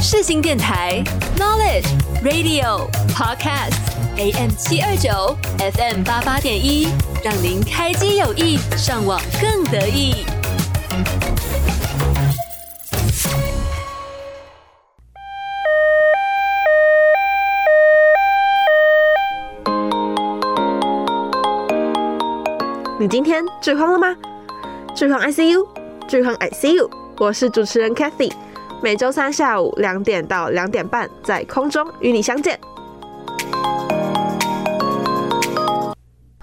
世新電臺 Knowledge Radio Podcast AM 七二九 FM 八八點一，讓您開機有意，上網更得意。你今天最狂了嗎？最狂 ICU，最狂 ICU，我是主持人 Kathy。每週三下午兩點到兩點半，在空中與你相見。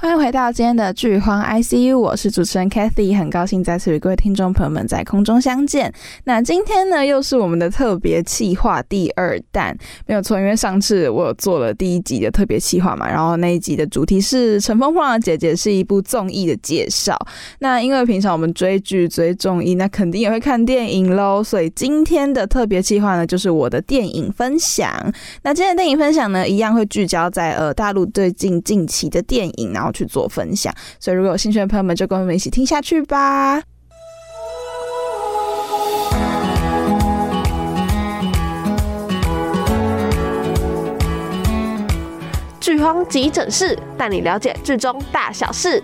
歡迎回到今天的劇荒 I C U，我是主持人 Kathy，很高興在此與各位聽眾朋友們在空中相見。那今天呢，又是我們的特別企劃第二彈。沒有錯，因為上次我有做了第一集的特別企劃嘛，然後那一集的主題是《乘風破浪的姐姐》是一部綜藝的介紹。那因為平常我們追劇追綜藝，那肯定也會看電影嘍，所以今天的特別企劃呢，就是我的電影分享。那今天的電影分享呢，一樣會聚焦在呃大陸最近近期的電影，然後。去做分享，所以如果有興趣的朋友們，就跟我們一起聽下去吧。劇荒急診室，帶你了解劇中大小事。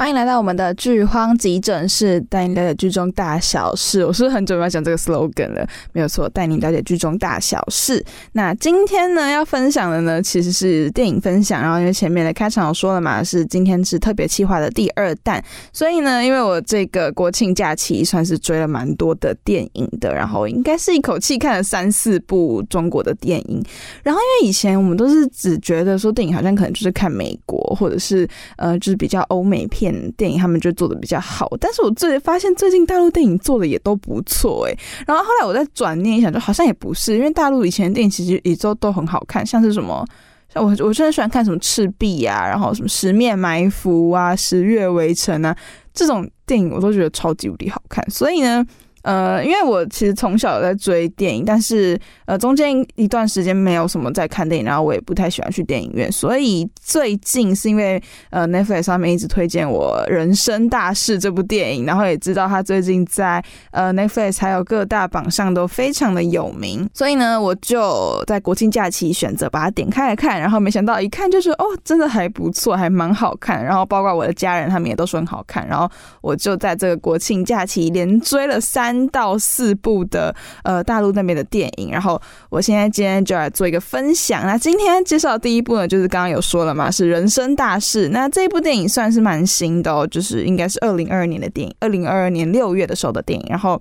歡迎來到我們的劇荒急診室，帶您了解劇中大小事。我是不是很久沒有講這個 slogan 了？沒有錯，帶您了解劇中大小事。那今天呢要分享的呢，其實是電影分享。然後因為前面的開場我說了嘛，是今天是特別企劃的第二彈，所以呢，因為我這個國慶假期算是追了蠻多的電影的，然後應該是一口氣看了三四部中國的電影。然後因為以前我們都是只覺得說電影好像可能就是看美國，或者是呃，就是比較歐美片。電影他們就做的比較好，但是我最發現最近大陸電影做的也都不錯哎、欸。然後後來我再轉念一想，就好像也不是，因為大陸以前的電影其實以前都很好看，像是什麼像我我真的喜歡看什麼赤壁啊，然後什麼十面埋伏啊，十月圍城啊，這種電影我都覺得超級無敵好看，所以呢。呃，因為我其實從小有在追電影，但是呃中間一段時間沒有什麼在看電影，然後我也不太喜歡去電影院，所以最近是因為呃 Netflix 上面一直推薦我《人生大事》這部電影，然後也知道他最近在呃 Netflix 還有各大榜上都非常的有名，所以呢我就在國慶假期選擇把它點開來看，然後沒想到一看就是哦，真的還不錯，還蠻好看，然後包括我的家人他們也都說很好看，然後我就在這個國慶假期連追了三。三到四部的呃大陸那邊的電影，然後我現在今天就來做一個分享。那今天介紹的第一部呢，就是剛剛有說了嘛，是《人生大事》。那這一部電影算是蠻新的哦，就是應該是二零二二年的電影，二零二二年六月的時候的電影。然後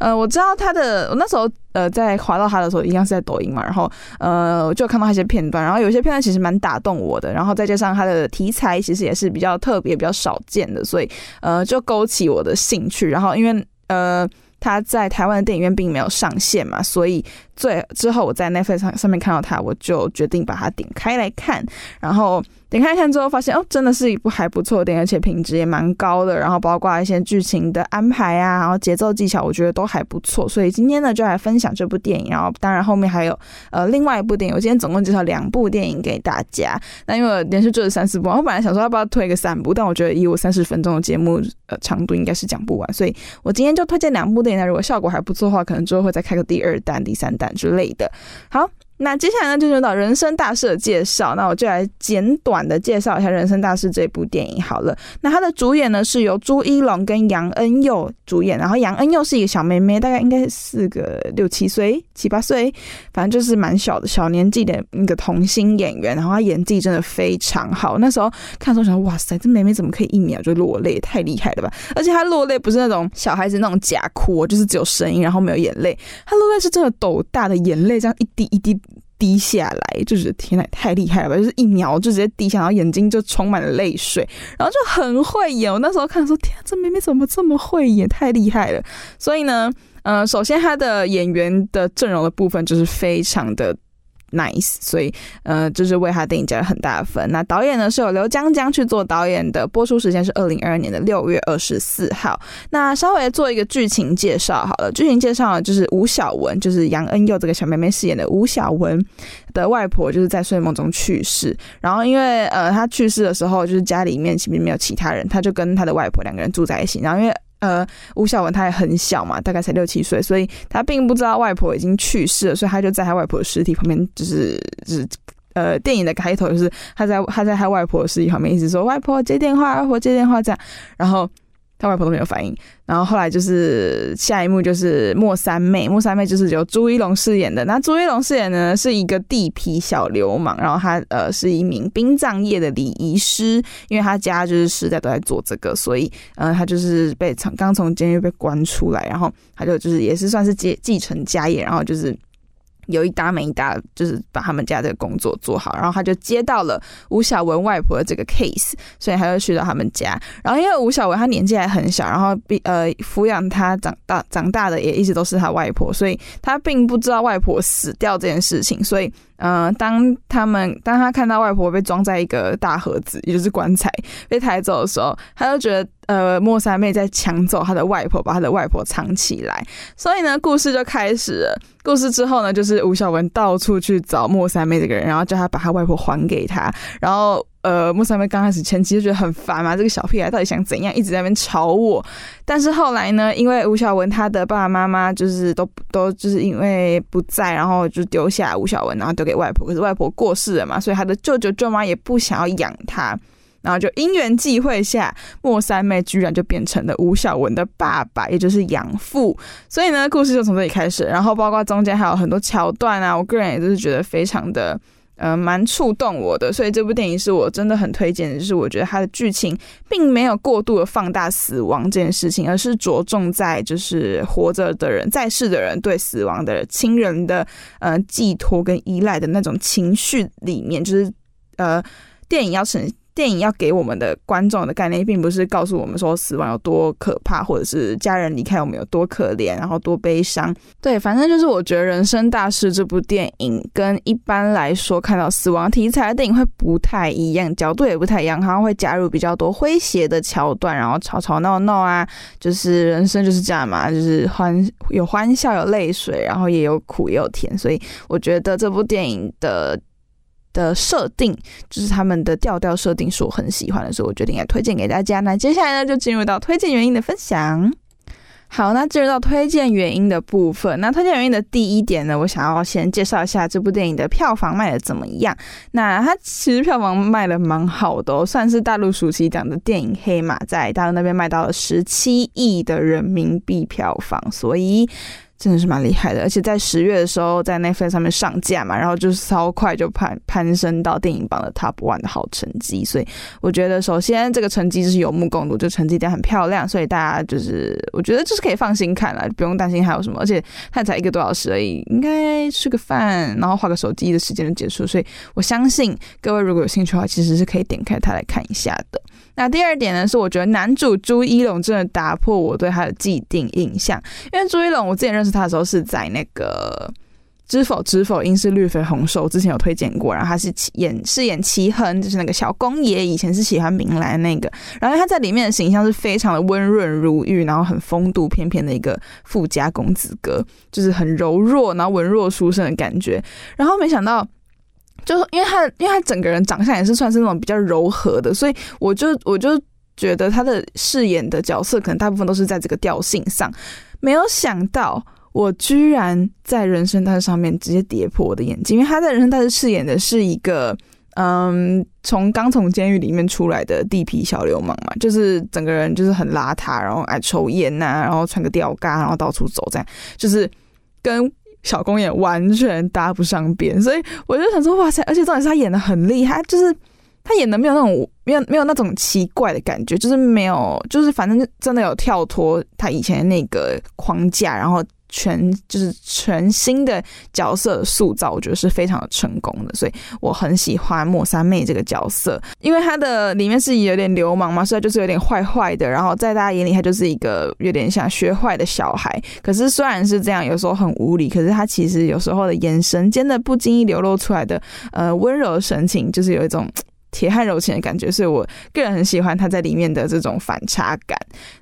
呃，我知道他的，我那時候呃在滑到他的時候，一樣是在抖音嘛。然後呃，我就看到一些片段，然後有些片段其實蠻打動我的。然後再加上他的題材其實也是比較特別、比較少見的，所以呃就勾起我的興趣。然後因為呃。他在台灣的電影院並沒有上線嘛，所以。最之後，我在 Netflix 上面看到它，我就決定把它點開來看。然後點開看之後，發現哦，真的是一部還不錯的電影，而且品質也蠻高的。然後包括一些劇情的安排啊，然後節奏技巧，我覺得都還不錯。所以今天呢，就來分享這部電影。然後當然後面還有呃另外一部電影，我今天總共介紹兩部電影給大家。那因為連續做了三四部，我本來想說要不要推個三部，但我覺得以我三十分鐘的節目呃長度，應該是講不完。所以我今天就推薦兩部電影。那如果效果還不錯的話，可能之後會再開個第二彈、第三彈。之類的，好，那接下來呢，就說到《人生大事》的介紹，那我就來簡短的介紹一下《人生大事》這部電影好了。那它的主演呢，是由朱一龍跟楊恩佑主演，然後楊恩佑是一個小妹妹，大概應該是四個六七歲。七八歲，反正就是蠻小的小年紀的那個童星演員，然後她演技真的非常好。那時候看的時候想，哇塞，這妹妹怎麼可以一秒就落淚？太厲害了吧！而且她落淚不是那種小孩子那種假哭，就是只有聲音，然後沒有眼淚。她落淚是真的，豆大的眼淚這樣一滴一滴滴下來，就是天哪，太厲害了吧！就是一秒就直接滴下，然後眼睛就充滿了淚水，然後就很會演。我那時候看的時候，天，這妹妹怎麼這麼會演？太厲害了！所以呢。嗯、呃，首先他的演員的陣容的部分就是非常的 nice，所以呃，就是為他電影加了很大的分。那導演呢，是由劉江江去做導演的，播出時間是二零二二年的六月二十四號。那稍微做一個劇情介紹好了，劇情介紹就是吳小文，就是楊恩佑這個小妹妹飾演的吳小文的外婆，就是在睡夢中去世。然後因為呃她去世的時候，就是家裡面其實沒有其他人，她就跟她的外婆兩個人住在一起。然後因為呃，武小文他也很小嘛，大概才六七歲，所以他並不知道外婆已經去世了，所以他就在他外婆的屍體旁邊，就是，就是，呃，電影的開頭就是他在他在他外婆的屍體旁邊一直說：“外婆接電話，外婆接電話”這樣，然後。他外婆都沒有反應，然後後來就是下一幕就是莫三妹，莫三妹就是由朱一龍飾演的。那朱一龍飾演呢，是一個地痞小流氓，然後他呃是一名殯葬業的禮儀師，因為他家就是世代都在做這個，所以呃他就是被從剛從監獄被關出來，然後他就就是也是算是繼繼承家業，然後就是。有一搭沒一搭，就是把他們家這個工作做好。然後他就接到了吳小文外婆的這個 case，所以他就去到他們家。然後因為吳小文他年紀還很小，然後並呃撫養他長大長大的也一直都是他外婆，所以他並不知道外婆死掉這件事情。所以，嗯、呃，當他們當他看到外婆被裝在一個大盒子，也就是棺材被抬走的時候，他就覺得。呃，莫三妹在搶走他的外婆，把他的外婆藏起來，所以呢，故事就開始了。故事之後呢，就是吳小文到處去找莫三妹這個人，然後叫他把他外婆還給他。然後，呃，莫三妹剛開始前期就覺得很煩嘛、啊，這個小屁孩到底想怎樣，一直在那邊吵我。但是後來呢，因為吳小文他的爸爸媽媽就是都都就是因為不在，然後就丟下吳小文，然後丟給外婆。可是外婆過世了嘛，所以他的舅舅舅媽也不想要養他。然後就因緣際會下，莫三妹居然就變成了吳小文的爸爸，也就是養父。所以呢，故事就從這裡開始。然後包括中間還有很多橋段啊，我個人也都是覺得非常的，嗯、呃，蠻觸動我的。所以這部電影是我真的很推薦的，就是我覺得它的劇情並沒有過度的放大死亡這件事情，而是着重在就是活着的人、在世的人對死亡的人、親人的呃寄托跟依賴的那種情緒裡面，就是呃，電影要呈。電影要給我們的觀眾的概念，並不是告訴我們說死亡有多可怕，或者是家人離開我們有多可憐，然後多悲傷。對，反正就是我覺得《人生大事》這部電影跟一般來說看到死亡題材的電影會不太一樣，角度也不太一樣，好像會加入比較多詼諧的橋段，然後吵吵鬧鬧啊，就是人生就是這樣嘛，就是歡有歡笑，有淚水，然後也有苦，也有甜。所以我覺得這部電影的。的設定就是他們的調調設定是我很喜歡的，所以我決定要推薦給大家。那接下來呢，就進入到推薦原因的分享。好，那進入到推薦原因的部分，那推薦原因的第一點呢，我想要先介紹一下這部電影的票房賣得怎麼樣。那它其實票房賣得蠻好的、哦，算是大陸暑期檔的電影黑馬，在大陸那邊賣到了十七億的人民幣票房，所以。真的是蠻厲害的，而且在十月的時候在 Netflix 上面上架嘛，然後就是超快就攀攀升到電影榜的 Top One 的好成績，所以我覺得首先這個成績就是有目共睹，就成績也很漂亮，所以大家就是我覺得就是可以放心看了，不用擔心還有什麼，而且它才一個多小時而已，應該吃個飯，然後畫個手機的時間就結束，所以我相信各位如果有興趣的話，其實是可以點開它來看一下的。那第二點呢，是我覺得男主朱一龍真的打破我對他的既定印象，因為朱一龍我之前認識他的時候是在那個《知否》《知否》，應是綠肥紅瘦，我之前有推薦過，然後他是起演飾演齊衡，就是那個小公爺，以前是喜歡明蘭那個，然後他在裡面的形象是非常的溫潤如玉，然後很風度翩翩的一個富家公子哥，就是很柔弱，然後文弱書生的感覺，然後沒想到。就是因為他，因為他整個人長相也是算是那種比較柔和的，所以我就我就覺得他的飾演的角色可能大部分都是在這個調性上。沒有想到，我居然在《人生大事》上面直接跌破我的眼鏡，因為他在《人生大事》飾演的是一個，嗯，從剛從監獄裡面出來的地痞小流氓嘛，就是整個人就是很邋遢，然後愛抽煙吶、啊，然後穿個吊嘎，然後到處走，這樣就是跟。小公演，完全搭不上邊，所以我就想說，哇塞！而且重點是他演的很厲害，就是他演的沒有那種沒有沒有那種奇怪的感覺，就是沒有，就是反正就真的有跳脫他以前那個框架，然後。全就是全新的角色塑造，我覺得是非常成功的，所以我很喜歡莫三妹這個角色，因為她的裡面是有點流氓嘛，所以就是有點壞壞的，然後在大家眼裡她就是一個有點像學壞的小孩，可是雖然是這樣，有時候很無理，可是她其實有時候的眼神間的不經意流露出來的呃溫柔神情，就是有一種鐵漢柔情的感覺，所以我個人很喜歡他在裡面的這種反差感。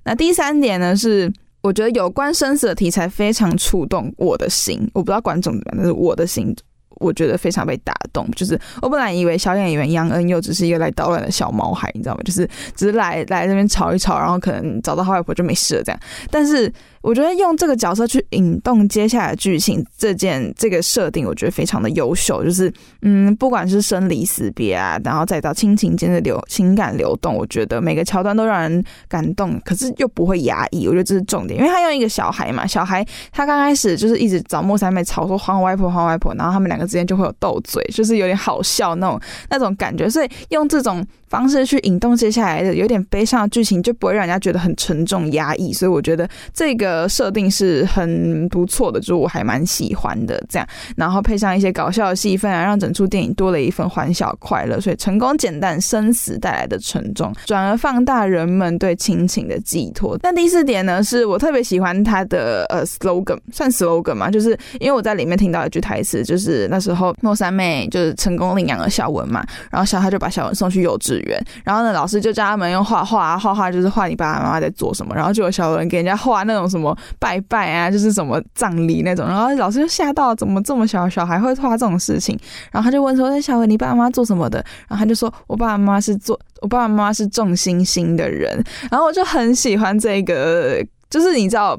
那第三點呢是。我覺得有關生死的題材非常觸動我的心，我不知道觀眾怎麼樣，但是我的心，我覺得非常被打動。就是我本來以為小演員楊恩佑只是一個來搗亂的小毛孩，你知道嗎？就是只是來來這邊吵一吵，然後可能找到他外婆就沒事了這樣。但是。我覺得用這個角色去引動接下來的劇情，這件這個設定我覺得非常的優秀。就是，嗯，不管是生離死別啊，然後再到親情間的流情感流動，我覺得每個橋段都讓人感動，可是又不會壓抑。我覺得這是重點，因為他用一個小孩嘛，小孩他剛開始就是一直找莫三妹吵說還我外婆還我外婆，然後他們兩個之間就會有鬥嘴，就是有點好笑那種那種感覺。所以用這種方式去引動接下來的有點悲傷的劇情，就不會讓人家覺得很沉重壓抑。所以我覺得這個。呃，設定是很不錯的，就我還蠻喜歡的這樣，然後配上一些搞笑的戲份啊，讓整出電影多了一份歡笑快樂。所以，成功減淡生死帶來的沉重，轉而放大人們對親情的寄託。那第四點呢，是我特別喜歡他的呃 slogan，算 slogan 嘛？就是因為我在裡面聽到一句台詞，就是那時候莫三妹就是成功領養了小文嘛，然後小孩就把小文送去幼稚園，然後呢，老師就教他們用畫畫，畫畫就是畫你爸爸媽媽在做什麼。然後就有小文給人家畫那種什麼。什麼拜拜啊，就是什麼葬禮那種，然後老師就嚇到，怎麼這麼小小孩會畫這種事情？然後他就問說：“那小偉，你爸媽做什麼的？”然後他就說：“我爸爸媽媽是做，我爸爸媽媽是種星星的人。”然後我就很喜歡這個，就是你知道，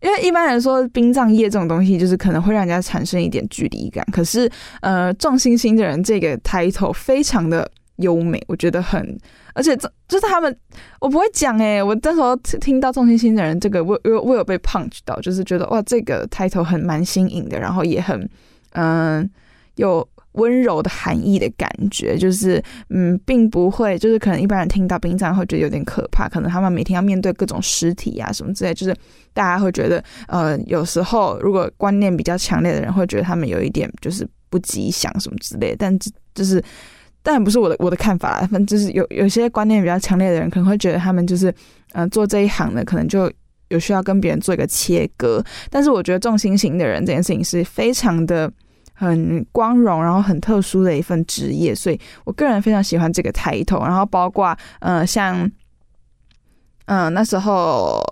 因為一般來說，殯葬業這種東西就是可能會讓人家產生一點距離感。可是，呃，種星星的人這個 title 非常的優美，我覺得很。而且這就是他們，我不會講哎、欸，我那時候聽到種星星的人，這個我我我有被 punch 到，就是覺得哇，這個 title 很蠻新穎的，然後也很嗯、呃、有溫柔的含義的感覺，就是嗯，並不會，就是可能一般人聽到殯葬會覺得有點可怕，可能他們每天要面對各種屍體啊什麼之類，就是大家會覺得呃，有時候如果觀念比較強烈的人會覺得他們有一點就是不吉祥什麼之類的，但就是。但不是我的我的看法啦，反正就是有有些觀念比較強烈的人，可能會覺得他們就是，嗯、呃，做這一行的可能就有需要跟別人做一個切割。但是我覺得重心型的人，這件事情是非常的很光榮，然後很特殊的一份職業，所以我個人非常喜歡這個 title。然後包括嗯、呃，像嗯、呃、那時候。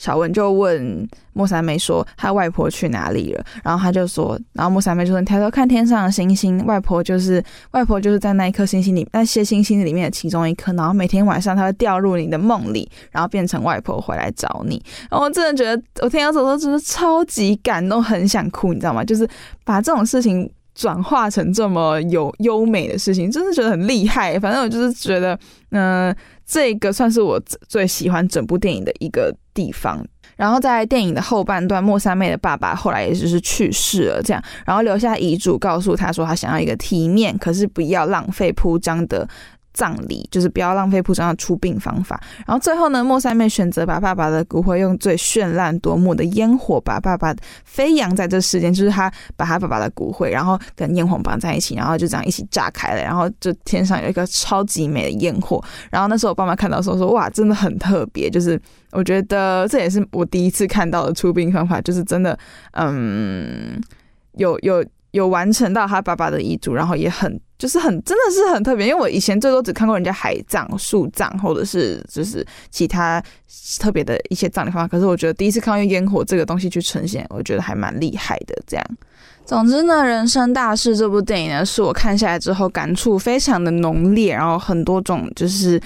小文就問莫三妹說：“她外婆去哪裡了？”然後她就說，然後莫三妹就說：“她說看天上的星星，外婆就是外婆就是在那一顆星星裡，那些星星裡面的其中一顆。然後每天晚上，她會掉入你的夢裡，然後變成外婆回來找你。然後我真的覺得，我聽到這麼說，真的超級感動，很想哭，你知道嗎？就是把這種事情，”轉化成這麼有優美的事情，真的覺得很厲害。反正我就是覺得，嗯、呃，這個算是我最喜歡整部電影的一個地方。然後在電影的後半段，莫三妹的爸爸後來也就是去世了，這樣，然後留下遺囑，告訴他說他想要一個體面，可是不要浪費鋪張的。葬禮就是不要浪費鋪張的出殯方法，然後最後呢，莫三妹選擇把爸爸的骨灰用最絢爛奪目的煙火把爸爸飛揚在這世間，就是他把他爸爸的骨灰，然後跟煙火綁在一起，然後就這樣一起炸開了，然後就天上有一個超級美的煙火。然後那時候我爸媽看到的時候說哇，真的很特別，就是我覺得這也是我第一次看到的出殯方法，就是真的，嗯，有有有完成到他爸爸的遺囑，然後也很。就是很真的是很特別，因為我以前最多只看過人家海葬、樹葬，或者是就是其他特別的一些葬禮方法。可是我覺得第一次看到用煙火這個東西去呈現，我覺得還蠻厲害的。這樣，總之呢，《人生大事》這部電影呢，是我看下來之後感觸非常的濃烈，然後很多種就是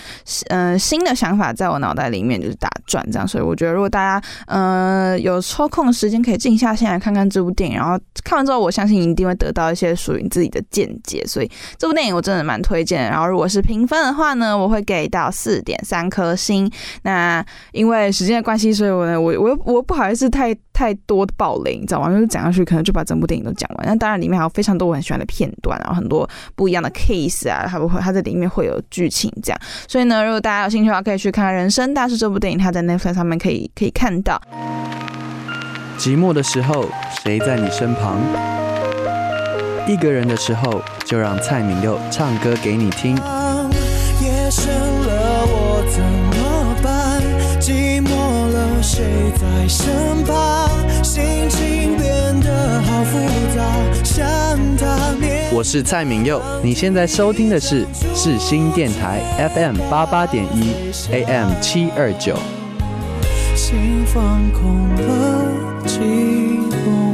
嗯、呃、新的想法在我腦袋裡面就是打轉。這樣，所以我覺得如果大家嗯、呃、有抽空的時間，可以靜下心來看看這部電影，然後看完之後，我相信你一定會得到一些屬於你自己的見解。所以。這部電影我真的蠻推薦，然後如果是評分的話呢，我會給到四點三顆星。那因為時間的關係，所以我呢，我我又我不好意思太太多的暴雷，你知道嗎？就是講下去可能就把整部電影都講完。那當然裡面還有非常多我很喜歡的片段，然後很多不一樣的 case 啊，它不會，它在裡面會有劇情這樣。所以呢，如果大家有興趣的話，可以去看看《人生大事》這部電影，它在 Netflix 上面可以可以看到。寂寞的時候，誰在你身旁？一個人的時候，就讓蔡旻佑唱歌給你聽。心，我是蔡旻佑，你現在收聽的是致心電台下 FM 88.1 AM 729。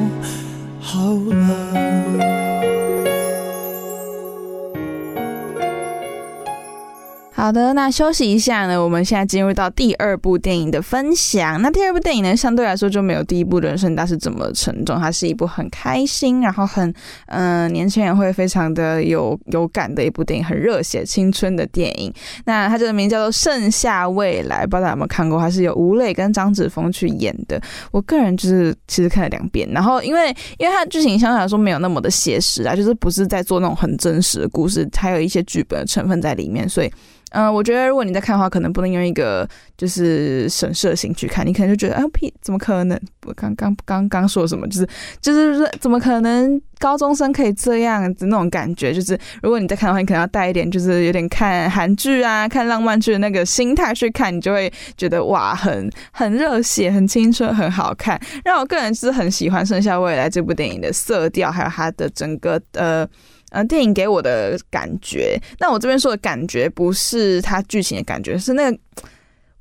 好的，那休息一下呢，我們現在進入到第二部電影的分享。那第二部電影呢，相對來說就沒有第一部《人生大事》這麼沉重，它是一部很開心，然後很嗯、呃，年輕人會非常的有有感的一部電影，很熱血青春的電影。那它這個名叫做《盛夏未來》，不知道大家有沒有看過？它是由吳磊跟張子楓去演的。我個人就是其實看了兩遍，然後因為因為它的劇情相對來說沒有那麼的寫實啊，就是不是在做那種很真實的故事，還有一些劇本的成分在裡面，所以。嗯、呃，我覺得如果你在看的話，可能不能用一個就是審視型，去看你可能就覺得啊屁，怎麼可能？我剛剛剛剛說什麼？就是就是怎麼可能高中生可以這樣子那種感覺？就是如果你在看的話，你可能要帶一點就是有點看韓劇啊、看浪漫劇的那個心態去看，你就會覺得哇，很很熱血、很青春、很好看。讓我個人是很喜歡《盛夏未來》這部電影的色調，還有它的整個呃。呃，電影給我的感覺，那我這邊說的感覺不是它劇情的感覺，是那個。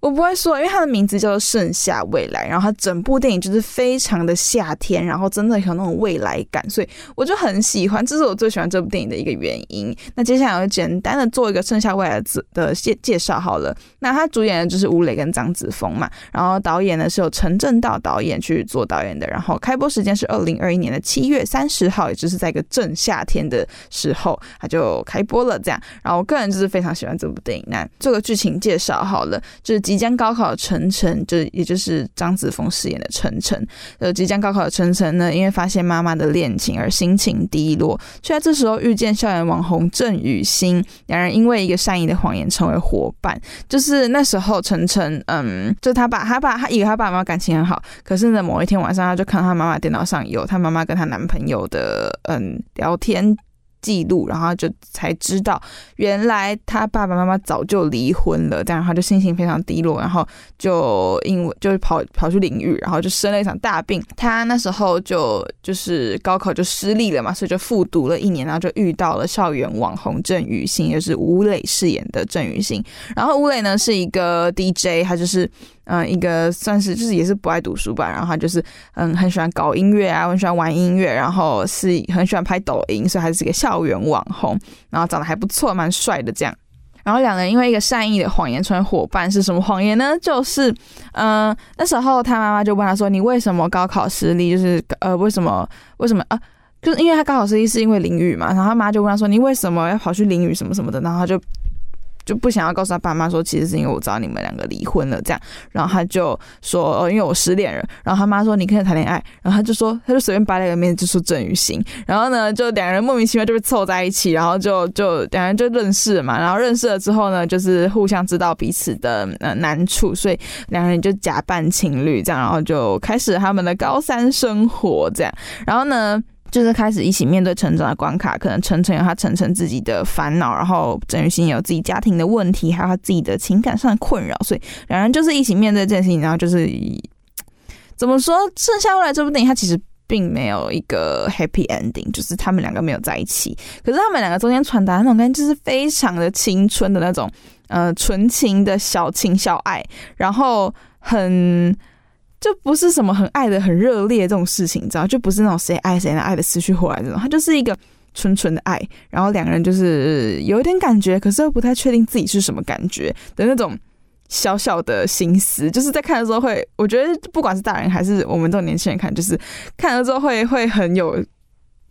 我不會說，因為它的名字叫做《盛夏未來》，然後它整部電影就是非常的夏天，然後真的有那種未來感，所以我就很喜歡，這是我最喜歡這部電影的一個原因。那接下來我就簡單的做一個《盛夏未來》的介紹好了。那他主演的就是吳磊跟張子楓嘛，然後導演呢是由陳正道導演去做導演的，然後開播時間是二零二一年的七月三十號，也就是在一個正夏天的時候，他就開播了這樣。然後我個人就是非常喜歡這部電影，那做個劇情介紹好了，就是。即將高考的晨晨，就也就是張子楓飾演的晨晨。呃，即將高考的晨晨呢，因為發現媽媽的戀情而心情低落，卻在這時候遇見校園網紅鄭雨欣，兩人因為一個善意的謊言成為夥伴。就是那時候，晨晨，嗯，就他爸，他爸，他以為他爸媽感情很好，可是呢，某一天晚上，他就看他媽媽電腦上有他媽媽跟他男朋友的，嗯，聊天。記錄，然後就才知道，原來他爸爸媽媽早就離婚了，但是他就心情非常低落，然後就因為就跑跑去淋浴，然後就生了一場大病。他那時候就就是高考就失利了嘛，所以就復讀了一年，然後就遇到了校園網紅鄭宇星，就是吳磊飾演的鄭宇星。然後吳磊呢是一個 DJ，他就是。嗯，一個算是就是也是不愛讀書吧，然後他就是嗯，很喜歡搞音樂啊，很喜歡玩音樂，然後是很喜歡拍抖音，所以還是一個校園網紅，然後長得還不錯，蠻帥的這樣。然後兩人因為一個善意的謊言成為夥伴，是什麼謊言呢？就是嗯、呃，那時候他媽媽就問他說，你為什麼高考失利？就是呃，為什麼為什麼啊？就是因為他高考失利是因為淋雨嘛。然後他媽就問他說，你為什麼要跑去淋雨什麼什麼的？然後他就。就不想要告訴他爸媽說，其實是因為我知道你們兩個離婚了，這樣。然後他就說，哦、因為我失戀了。然後他媽說，你可以談戀愛。然後他就說，他就隨便掰了個面子就說鄭宇星。然後呢，就兩個人莫名其妙就被湊在一起，然後就就兩個人就認識嘛。然後認識了之後呢，就是互相知道彼此的呃難處，所以兩個人就假扮情侶這樣，然後就開始他們的高三生活這樣。然後呢？就是開始一起面對成長的關卡，可能陳辰有他陳辰自己的煩惱，然後鄭宇星有自己家庭的問題，還有他自己的情感上的困擾，所以兩人就是一起面對這件事情。然後就是怎麼說，盛夏未來這部電影，它其實並沒有一個 happy ending，就是他們兩個沒有在一起。可是他們兩個中間傳達那種感覺，就是非常的青春的那種，呃，純情的小情小愛，然後很。就不是什麼很愛的很熱烈這種事情，你知道？就不是那種誰愛誰呢，愛的死去活來這種。它就是一個純純的愛，然後兩個人就是有一點感覺，可是又不太確定自己是什麼感覺的那種小小的心思。就是在看的時候會，我覺得不管是大人還是我們這種年輕人看，就是看了之後會會很有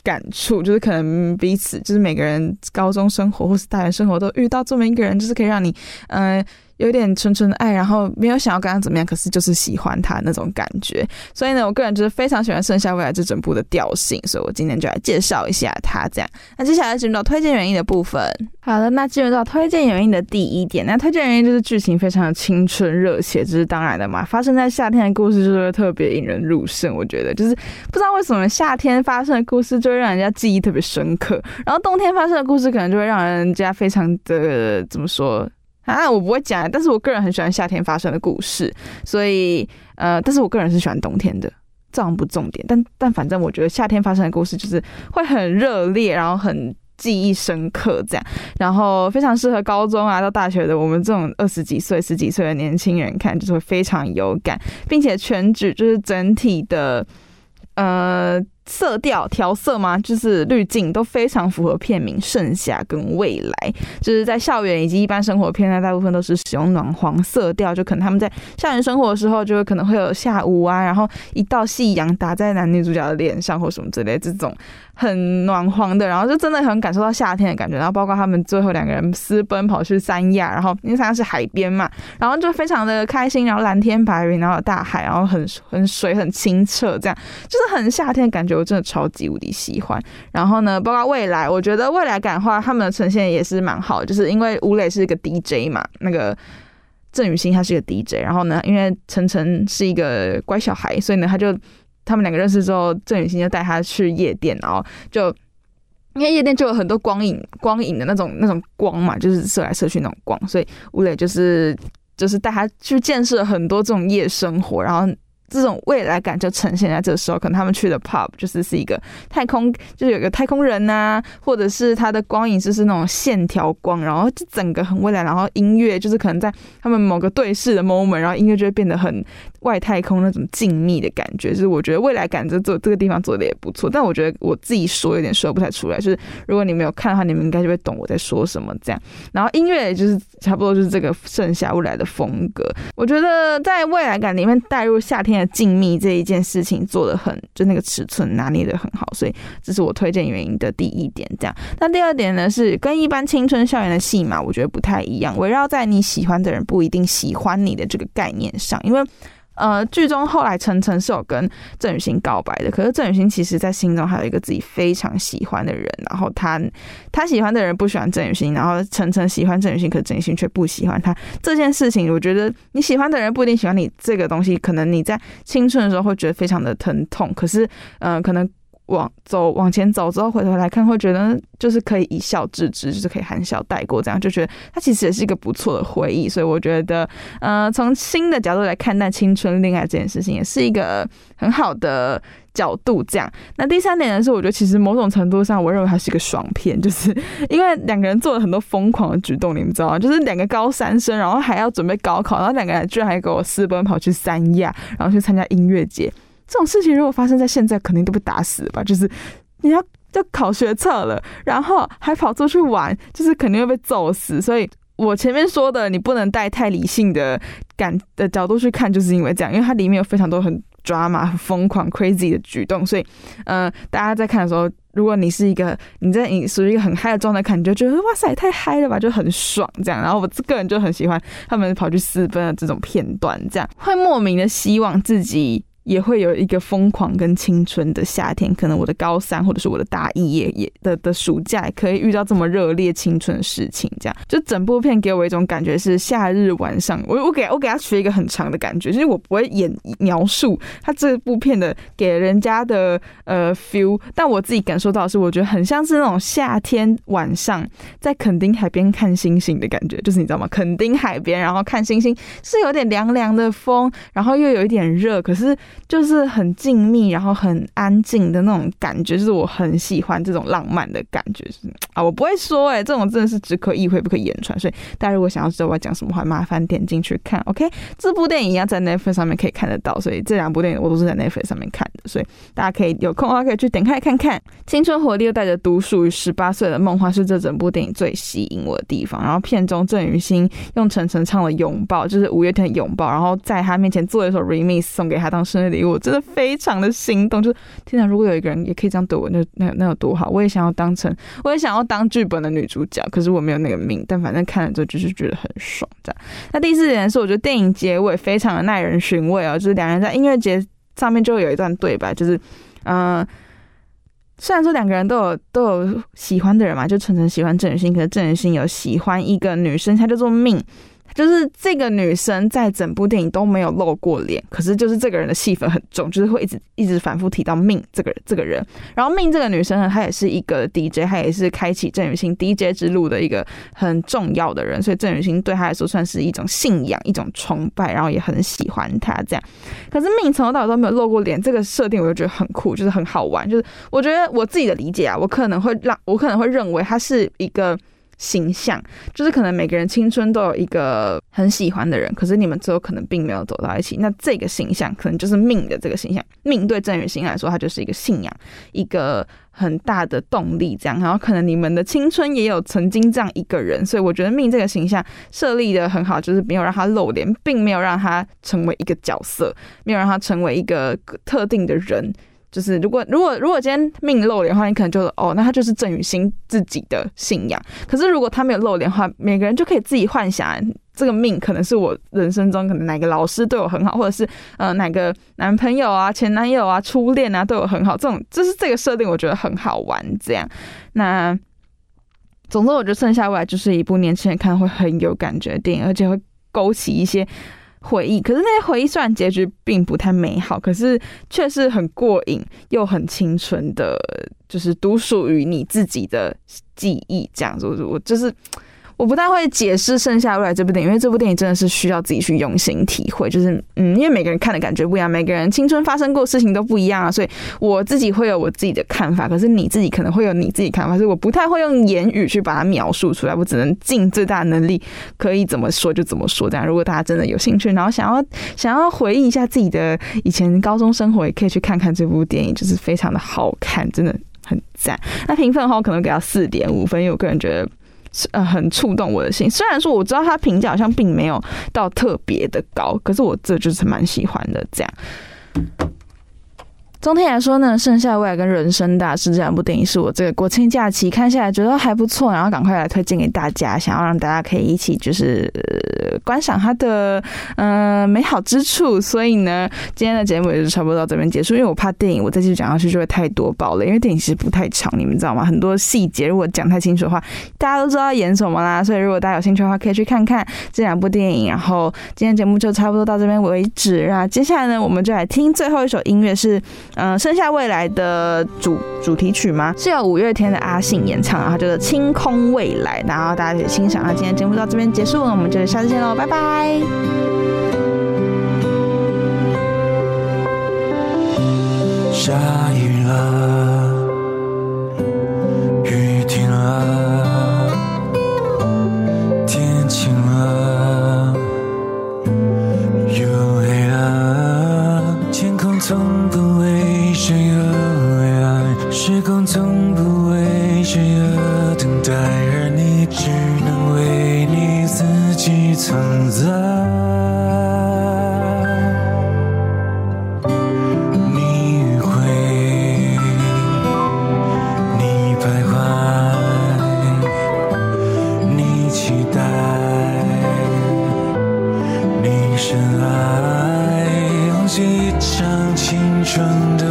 感觸。就是可能彼此，就是每個人高中生活或是大學生活都遇到這麼一個人，就是可以讓你，嗯、呃。有點純純的愛，然後沒有想要跟他怎麼樣，可是就是喜歡他那種感覺。所以呢，我個人就是非常喜歡《盛夏未來》這整部的調性，所以我今天就來介紹一下他。這樣，那接下來進入到推薦原因的部分。好了，那進入到推薦原因的第一點，那推薦原因就是劇情非常的青春熱血，這是當然的嘛。發生在夏天的故事就是特別引人入勝，我覺得就是不知道為什麼夏天發生的故事就會讓人家記憶特別深刻，然後冬天發生的故事可能就會讓人家非常的、呃、怎麼說？啊，我不會講，但是我個人很喜歡夏天發生的故事，所以，呃，但是我個人是喜歡冬天的，這樣不重點，但但反正我覺得夏天發生的故事就是會很熱烈，然後很記憶深刻這樣，然後非常適合高中啊到大學的我們這種二十幾歲、十幾歲的年輕人看，就是會非常有感，並且全劇就是整體的，呃。色調調色嗎？就是濾鏡都非常符合片名《盛夏》跟《未來》，就是在校園以及一般生活的片段，大部分都是使用暖黃色調，就可能他們在校園生活的時候，就會可能會有下午啊，然後一道夕陽打在男女主角的臉上或什麼之類，這種很暖黃的，然後就真的很感受到夏天的感覺。然後包括他們最後兩個人私奔跑去三亞，然後因為三亞是海邊嘛，然後就非常的開心，然後藍天白雲，然後有大海，然後很很水很清澈，這樣就是很夏天的感覺。我真的超級無敵喜歡。然後呢，包括未來，我覺得未來感的話，他們的呈現也是蠻好。就是因為吳磊是一個 DJ 嘛，那個鄭宇星她是一個 DJ。然後呢，因為晨晨是一個乖小孩，所以呢，他就他們兩個認識之後，鄭宇星就帶他去夜店，然後就因為夜店就有很多光影，光影的那種那種光嘛，就是射來射去那種光，所以吳磊就是就是帶他去見識很多這種夜生活，然後。這種未來感就呈現在這個時候，可能他們去的 pub 就是是一個太空，就是有一個太空人吶、啊，或者是他的光影就是那種線條光，然後就整個很未來，然後音樂就是可能在他們某個對視的 moment，然後音樂就會變得很外太空那種靜謐的感覺，就是我覺得未來感這做這個地方做的也不錯，但我覺得我自己說有點說不太出來，就是如果你沒有看的話，你們應該就會懂我在說什麼這樣。然後音樂也就是差不多就是這個盛夏未來的風格，我覺得在未來感裡面帶入夏天。靜謐這一件事情做得很，就那個尺寸拿捏得很好，所以這是我推薦原因的第一點。這樣，那第二點呢，是跟一般青春校園的戲碼我覺得不太一樣，圍繞在你喜歡的人不一定喜歡你的這個概念上，因為。呃，劇中後來陳辰是有跟鄭宇星告白的，可是鄭宇星其實，在心中還有一個自己非常喜歡的人，然後他他喜歡的人不喜歡鄭宇星，然後陳辰喜歡鄭宇星，可鄭宇星卻不喜歡他，這件事情我覺得你喜歡的人不一定喜歡你，這個東西可能你在青春的時候會覺得非常的疼痛，可是，嗯、呃，可能。往走往前走之後，回頭來看會覺得就是可以一笑置之，就是可以含笑帶過這樣，就覺得它其實也是一個不錯的回憶，所以我覺得呃，從新的角度來看待青春戀愛這件事情也是一個很好的角度這樣。那第三點呢，是我覺得其實某種程度上我認為它是一個爽片，就是因為兩個人做了很多瘋狂的舉動，你們知道嗎？就是兩個高三生，然後還要準備高考，然後兩個人居然還給我私奔跑去三亞，然後去參加音樂節。這種事情如果發生在現在，肯定都被打死吧。就是你要要考學測了，然後還跑出去玩，就是肯定會被揍死。所以我前面說的，你不能帶太理性的感的角度去看，就是因為這樣，因為它裡面有非常多很 drama、很瘋狂、crazy 的舉動。所以，嗯、呃，大家在看的時候，如果你是一個你在你處於一個很嗨的狀態看，你就覺得哇塞，太嗨了吧，就很爽。這樣，然後我這個人就很喜歡他們跑去私奔的這種片段，這樣會莫名的希望自己。也會有一個瘋狂跟青春的夏天，可能我的高三或者是我的大一夜也也的的暑假可以遇到這麼熱烈青春的事情，這樣就整部片給我一種感覺是夏日晚上，我我給我給他學一個很長的感覺，就是我不會演描述他這部片的給人家的呃 feel，但我自己感受到的是我覺得很像是那種夏天晚上在墾丁海邊看星星的感覺，就是你知道嗎？墾丁海邊然後看星星是有點涼涼的風，然後又有一點熱，可是，就是很靜謐，然後很安靜的那種感覺，就是我很喜歡這種浪漫的感覺，是啊，我不會說哎、欸，這種真的是只可意會不可言傳，所以大家如果想要知道我要講什麼話，麻煩點進去看，OK？這部電影要在 Netflix 上面可以看得到，所以這兩部電影我都是在 Netflix 上面看的，所以大家可以有空的話可以去點開看看。青春活力又帶着獨屬於十八歲的夢幻，是這整部電影最吸引我的地方。然後片中鄭宇星用陳辰唱的擁抱，就是五月天的擁抱，然後在他面前做一首 remix 送給他，當生日。我真的非常的心動，就是天哪！如果有一個人也可以這樣對我，那那那有多好！我也想要當成，我也想要當劇本的女主角，可是我沒有那個命。但反正看了之後就是覺得很爽，這樣。那第四點是，我覺得電影結尾非常的耐人尋味啊、哦，就是兩人在音樂節上面就有一段對白，就是嗯、呃，雖然說兩個人都有都有喜歡的人嘛，就純純喜歡鄭宇星，可是鄭宇星有喜歡一個女生，她叫做命。就是這個女生在整部電影都沒有露過臉，可是就是這個人的戲份很重，就是會一直一直反覆提到命這個人這個人。然後命這個女生呢，她也是一個 DJ，她也是開啟鄭宇星 DJ 之路的一個很重要的人，所以鄭宇星對他來說算是一種信仰，一種崇拜，然後也很喜歡他這樣。可是命從頭到尾都沒有露過臉，這個設定我就覺得很酷，就是很好玩，就是我覺得我自己的理解啊，我可能會讓我可能會認為她是一個。形象，就是可能每個人青春都有一個很喜歡的人，可是你們最後可能並沒有走到一起，那這個形象可能就是命的這個形象。命對鄭宇星來說，它就是一個信仰，一個很大的動力。這樣，然後可能你們的青春也有曾經這樣一個人，所以我覺得命這個形象設立的很好，就是沒有讓他露臉，並沒有讓他成為一個角色，沒有讓他成為一個特定的人。就是如果如果如果今天命露臉的話，你可能就是哦，那他就是鄭宇星自己的信仰。可是如果他沒有露臉的話，每個人就可以自己幻想，這個命可能是我人生中可能哪個老師對我很好，或者是呃哪個男朋友啊、前男友啊、初戀啊對我很好。這種就是這個設定，我覺得很好玩。這樣，那總之我覺得盛夏未來就是一部年輕人看會很有感覺的電影，而且會勾起一些。回憶，可是那些回憶雖然結局並不太美好，可是卻是很過癮又很青春的，就是獨屬於你自己的記憶。這樣子，我我就是。我不太會解釋《盛夏未來》這部電影，因為這部電影真的是需要自己去用心體會。就是，嗯，因為每個人看的感覺不一樣，每個人青春發生過的事情都不一樣啊，所以我自己會有我自己的看法。可是你自己可能會有你自己看法，所以我不太會用言語去把它描述出來。我只能盡最大的能力，可以怎麼說就怎麼說。這樣，如果大家真的有興趣，然後想要想要回憶一下自己的以前高中生活，也可以去看看這部電影，就是非常的好看，真的很讚。那評分的話，我可能給到四點五分，因為我個人覺得。呃，很觸動我的心。雖然說我知道他評價好像並沒有到特別的高，可是我這就是蠻喜歡的這樣。總體來說呢，《盛夏未來》跟《人生大事》這兩部電影是我這個國慶假期看下來覺得還不錯，然後趕快來推薦給大家，想要讓大家可以一起就是、呃、觀賞它的嗯、呃、美好之處。所以呢，今天的節目也就差不多到這邊結束，因為我怕電影我再繼續講下去就會太多爆了，因為電影其實不太長，你們知道嗎？很多細節如果講太清楚的話，大家都知道要演什麼啦。所以如果大家有興趣的話，可以去看看這兩部電影。然後今天節目就差不多到這邊為止啊。接下來呢，我們就來聽最後一首音樂是。嗯，盛夏未來的主主題曲嗎？是由五月天的阿信演唱，然後就是清空未來，然後大家可以欣賞。那今天節目到這邊結束，我們就下次見嘍，拜拜。下雨了。一場青春的。